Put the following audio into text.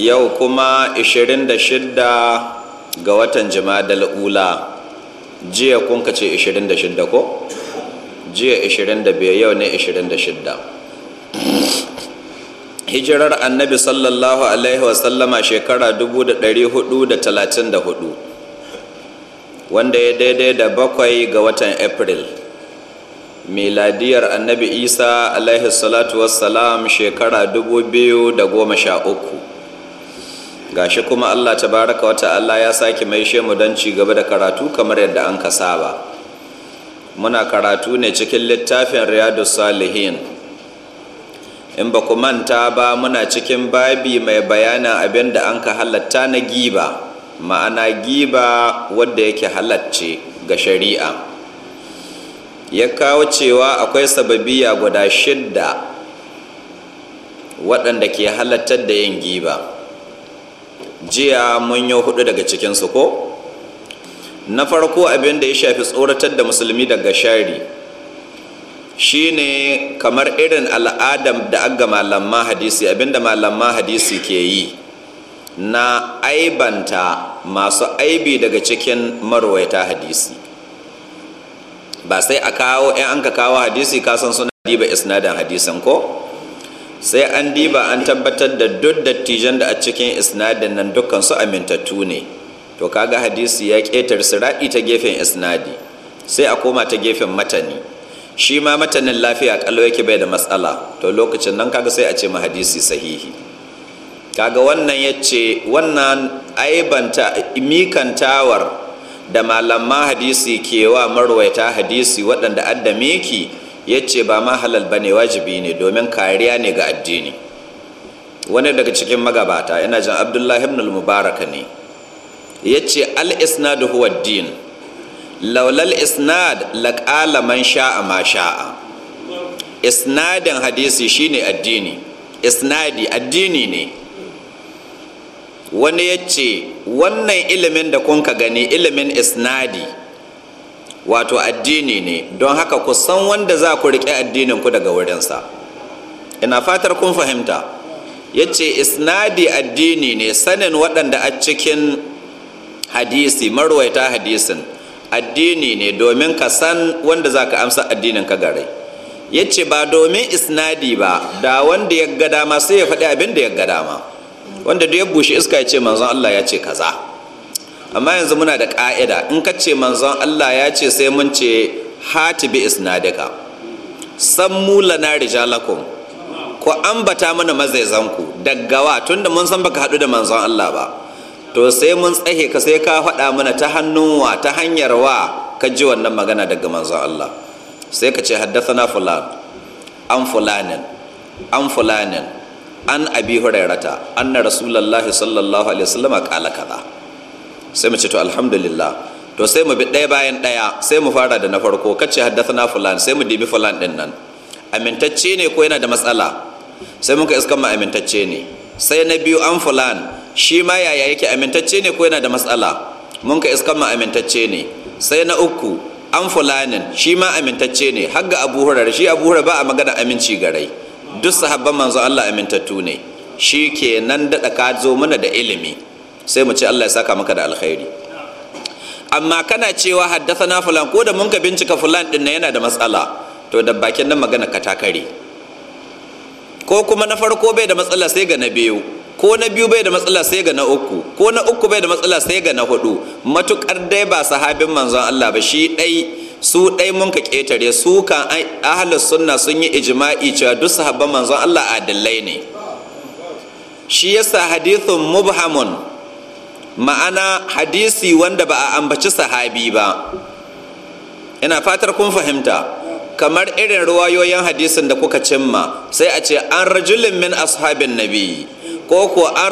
yau kuma 26 ga watan jimadal ula jiya kun ka ce 26 ko jiya 25 yau ne 26 hijirar annabi sallallahu alaihi wasallama shekara 434 wanda ya daidai da bakwai ga watan april miladiyar annabi isa alaihi salatu wassalam shekara 2013 gashi kuma Allah ta tabaraka wata allah ya sake mai mu don ci gaba da karatu kamar yadda an ka saba muna karatu ne cikin littafin riyadu salihin in ba ku manta ba muna cikin babi mai bayanin abin da an ka halatta na giba ma'ana giba wadda yake halacce ga shari'a ya kawo cewa akwai sababiya guda shidda waɗanda ke halattar da yin giba jiya mun yi hudu daga cikinsu ko na farko abin da ya shafi tsoratar da musulmi daga shari shine kamar irin al'adam da aga malamma hadisi abinda malamma hadisi ke yi na aibanta masu aibi daga cikin marwaita hadisi ba sai a kawo 'yan an ka kawo hadisi kasan suna diba isnadin hadisin ko sai an diba an tabbatar da duk dattijan da a cikin isnadin nan dukkan su amintattu ne to kaga hadisi ya ketar siraɗi ta gefen isnadi sai a koma ta gefen matani shi ma matanin lafiya kalo yake bai da matsala to lokacin nan kaga sai a ce ma hadisi sahihi kaga wannan ya ce wannan aibanta mikantawar da malaman hadisi ke wa marwaita hadisi waɗanda adda miki ya ce ba ma halal ba ne wajibi ne domin kariya ne ga addini wani daga cikin magabata yana jin abdullahi ibn al mubaraka ne ya ce al isnad huwa din laulal isnad laƙala man sha'a ma sha'a isnadin hadisi shine addini isnadi addini ne wani ya ce wannan ilimin da kun ka gani ilimin isnadi wato addini ne don haka ku san wanda za ku riƙe addinin ku daga wurinsa ina fatar kun fahimta ya ce isnadi addini ne sanin waɗanda a cikin hadisi marwaita hadisin addini ne domin ka san wanda za ka amsa addinin ka gare ya ce ba domin isnadi ba da wanda ya ga dama sai ya faɗi abin da ya gada dama wanda duk ya bushe iska ya ce manzon Allah ya ce kaza amma yanzu muna da ƙa'ida in ka ce manzon Allah ya ce sai mun ce hati bi isnadika san mu lana rijalakum ku ambata mana mazaizanku daggawa tunda mun san baka haɗu da manzon Allah ba to sai mun tsahe ka sai ka faɗa mana ta hannun ta hanyar wa ka ji wannan magana daga manzon Allah sai ka ce na fulan an fulanin an fulanin an abi hurairata anna rasulullahi sallallahu alaihi wasallam qala kaza sai mu ce to alhamdulillah to sai mu bi ɗaya bayan ɗaya sai mu fara da na farko kace na fulan sai mu dibi fulan din nan amintacce ne ko yana da matsala sai muka iskan ma amintacce ne sai na biyu an fulan shi ma yaya yake amintacce ne ko yana da matsala mun ka iskan ma amintacce ne sai na uku an fulanin shi ma amintacce ne har ga abu hurar shi abu hurar ba a magana aminci garai duk sahabban manzo Allah amintattu ne shi kenan daɗa ka zo mana da ilimi sai mu ce Allah ya saka maka da alkhairi amma kana cewa haddathana fulan ko da mun ka bincika fulan din yana da matsala to da bakin nan magana ka ta kare ko kuma na farko bai da matsala sai ga na biyu ko na biyu bai da matsala sai ga na uku ko na uku bai da matsala sai ga na hudu matukar dai ba sahabin manzon Allah ba shi dai su dai mun ka ƙetare su kan ahlus sunna sun yi ijima'i cewa duk sahabban manzon Allah adillai ne shi yasa hadithun mubhamun ma'ana hadisi wanda ba a ambaci sahabi ba ina fatar kun fahimta kamar irin ruwayoyin hadisin da kuka cimma sai a ce an rajulin min ashabin nabi ko ko an